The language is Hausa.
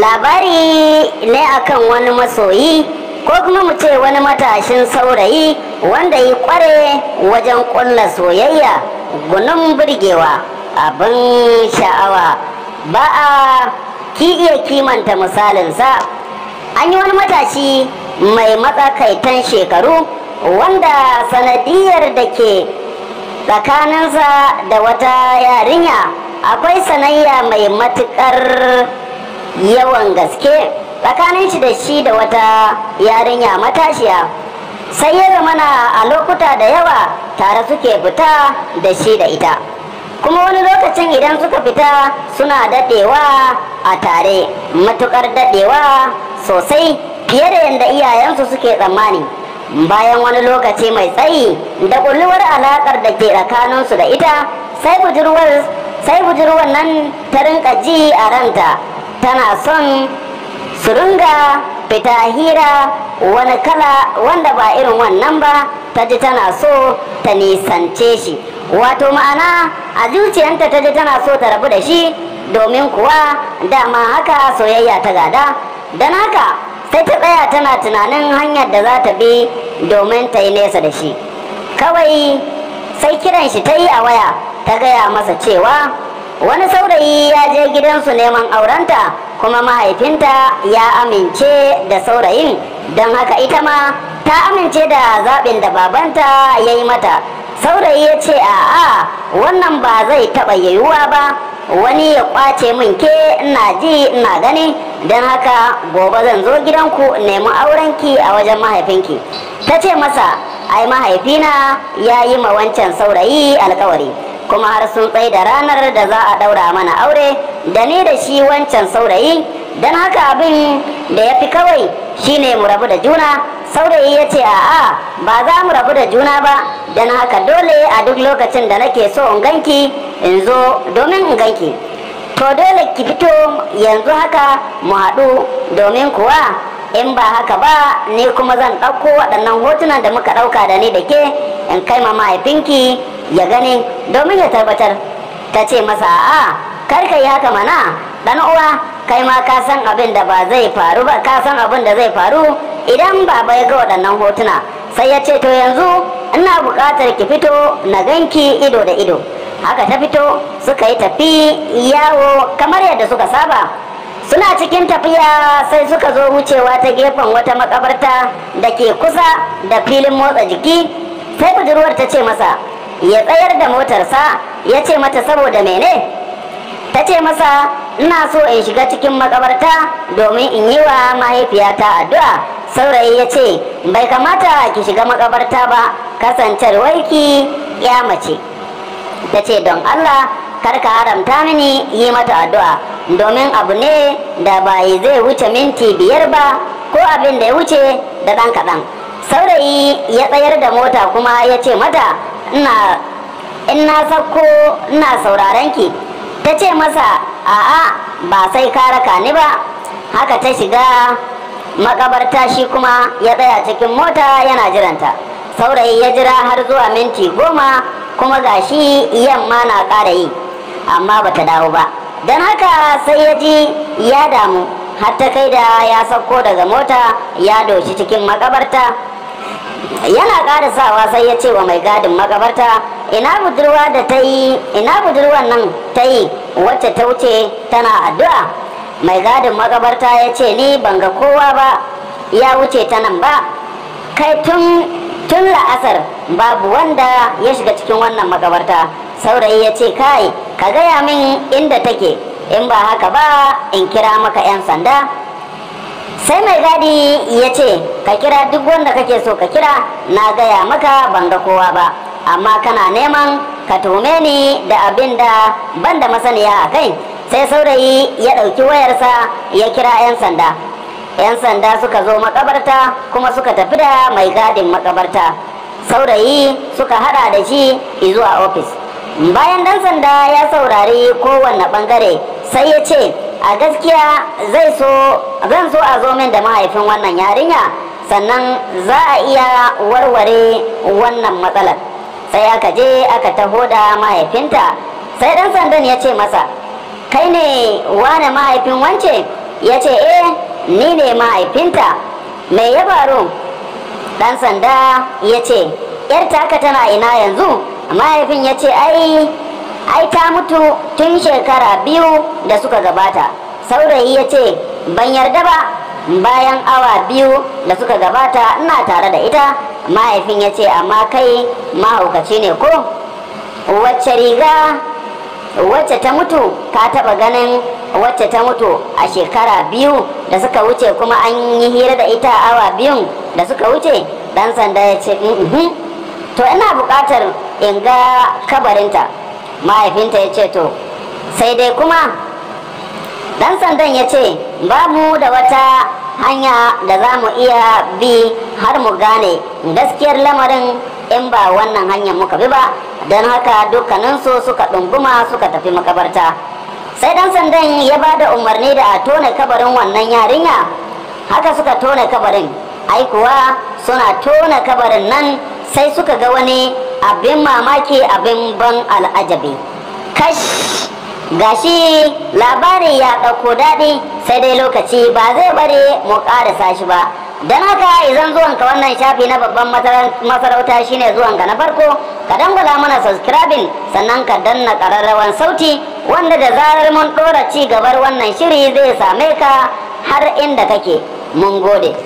labari ne akan wani masoyi ko kuma mu ce wani matashin saurayi wanda yi kware wajen ƙulla soyayya gunin burgewa abin sha'awa ba a ki iya kimanta misalinsa an yi wani matashi mai matsakaitan shekaru wanda sanadiyar da ke tsakaninsa da wata yarinya akwai sanayya mai matukar yawan gaske tsakanin shi da shi da wata yarinya matashiya sai ya zamana a lokuta da yawa tare suke fita da shi da ita kuma wani lokacin idan suka fita suna daɗewa a tare matukar daɗewa sosai fiye da yadda iyayensu suke tsammani bayan wani lokaci mai tsayi da kulluwar alaƙar da ke tsakaninsu da ita sai budurwar nan ta rinka ji a ranta tana son su ringa fita hira wani kala wanda ba irin wannan ba ta ji tana so ta nisance shi wato ma'ana a zuciyanta ta ji tana so ta rabu da shi domin kuwa dama haka soyayya ta gada don haka sai ta tsaya tana tunanin hanyar da za ta bi domin ta yi nesa da shi kawai sai kiran shi ta yi a waya ta gaya masa cewa wani saurayi ya je gidansu neman aurenta kuma mahaifinta ya amince da saurayin don haka ita ma ta amince da zaɓin da babanta ya yi mata saurayi ya ce a'a wannan ba zai taɓa yiwuwa ba wani ya ƙwace min ke ina ji ina gani don haka gobe zan zo gidanku nemi aurenki a wajen mahaifinki ta ce masa ai mahaifina ya yi ma wancan saurayi alkawari kuma har sun tsaye da ranar da za a ɗaura mana aure da ni da shi wancan saurayi don haka abin da ya fi kawai shine mu rabu da juna saurayi ya ce a'a ba za mu rabu da juna ba don haka dole a duk lokacin da nake so in ganki in zo domin in ganki to dole ki fito yanzu haka mu haɗu domin kuwa in ba haka ba ni kuma zan ɗauko waɗannan hotunan da muka ɗauka da ni da ke in kai ma mahaifinki ya gani domin ya tabbatar ta ce masa a kar ka yi haka mana dan uwa kai ma ka san abin da ba zai faru ba ka san abin da zai faru idan baba ya ga waɗannan hotuna sai ya ce to yanzu ina buƙatar ki fito na ganki ido da ido haka ta fito suka yi tafi yawo kamar yadda suka saba suna cikin tafiya sai suka zo wucewa ta gefen wata makabarta da ke kusa da filin motsa jiki sai budurwar ta ce masa ya tsayar da motarsa ya ce mata saboda mene ta ce masa ina so in shiga cikin makabarta domin in yi wa mahaifiyata addu'a saurayi ya ce bai kamata ki shiga makabarta ba waiki ya mace ta ce don allah kar ka haramta mini yi mata addu'a domin abu ne da bai zai wuce minti biyar ba ko abin da ya wuce da ɗan kaɗan saurayi ya tsayar da mota kuma ya ce mata ina in na sauko ina sauraron ki ta ce masa a'a ba sai ka raka ni ba haka ta shiga makabarta shi kuma ya tsaya cikin mota yana jiranta saurayi ya jira har zuwa minti goma kuma gashi yamma na ƙara yi amma bata dawo ba don haka sai ya ji ya damu har ta kai da ya sauko daga mota ya doshi cikin makabarta yana ƙara sawa sai ya ce wa mai gadin magabarta, ina budurwa da ta yi ina budurwa nan ta yi wacce ta wuce tana addu'a mai gadin magabarta ya ce ni ban ga kowa ba ya wuce ta nan ba kai tun tun la'asar babu wanda ya shiga cikin wannan magabarta. saurayi ya ce kai ka gaya min inda take in ba haka ba in kira maka 'yan sanda sai mai gadi ya ce ka kira duk wanda kake so ka kira na gaya maka ban ga kowa ba amma kana neman ka tume ni da abin da ban da masaniya a kai sai saurayi ya ɗauki wayarsa ya kira 'yan sanda 'yan sanda suka zo makabarta kuma suka tafi da mai gadin makabarta saurayi suka hada da shi izuwa ofis bayan dan sanda ya saurari kowanne bangare sai ya ce a gaskiya zai so zan zo a zo min da mahaifin wannan yarinya sannan za a iya warware wannan matsalar sai aka je aka taho da mahaifinta sai dan sandan ya ce masa kai ne wane mahaifin wance ya ce eh ni ne mahaifinta mai ya faru Dan sanda ya ce yar taka tana ina yanzu mahaifin ya ce ai ai ta mutu tun shekara biyu da suka gabata saurayi ya ce ban yarda ba bayan awa biyu da suka gabata ina tare da ita mahaifin ya ce amma kai mahaukaci ne ko wacce riga wacce ta mutu ka taba ganin wacce ta mutu a shekara biyu da suka wuce kuma an yi hira da ita awa biyun da suka wuce dan sanda ya ce mm, mm, mm. to ina bukatar in ga kabarinta mahaifinta ya ce to sai dai kuma dan sandan ya ce Babu da wata hanya da za mu iya bi har mu gane gaskiyar lamarin in ba wannan hanyar muka bi ba don haka dukkaninsu suka ɗunguma suka tafi makabarta sai dan sandan ya ba da umarni da a tone kabarin wannan yarinya haka suka tone kabarin ai suna tone kabarin nan sai suka ga wani abin mamaki abin ban al'ajabi kash gashi labari ya ɗauko daɗi sai dai lokaci ba zai bare mu ƙarasa shi ba don haka idan zuwanka wannan shafi na babban masarauta shine zuwan ka na farko ka dangula mana subscribing sannan ka danna ƙararrawan sauti wanda da zarar mun ɗora ci gabar wannan shiri zai same ka har inda kake mun gode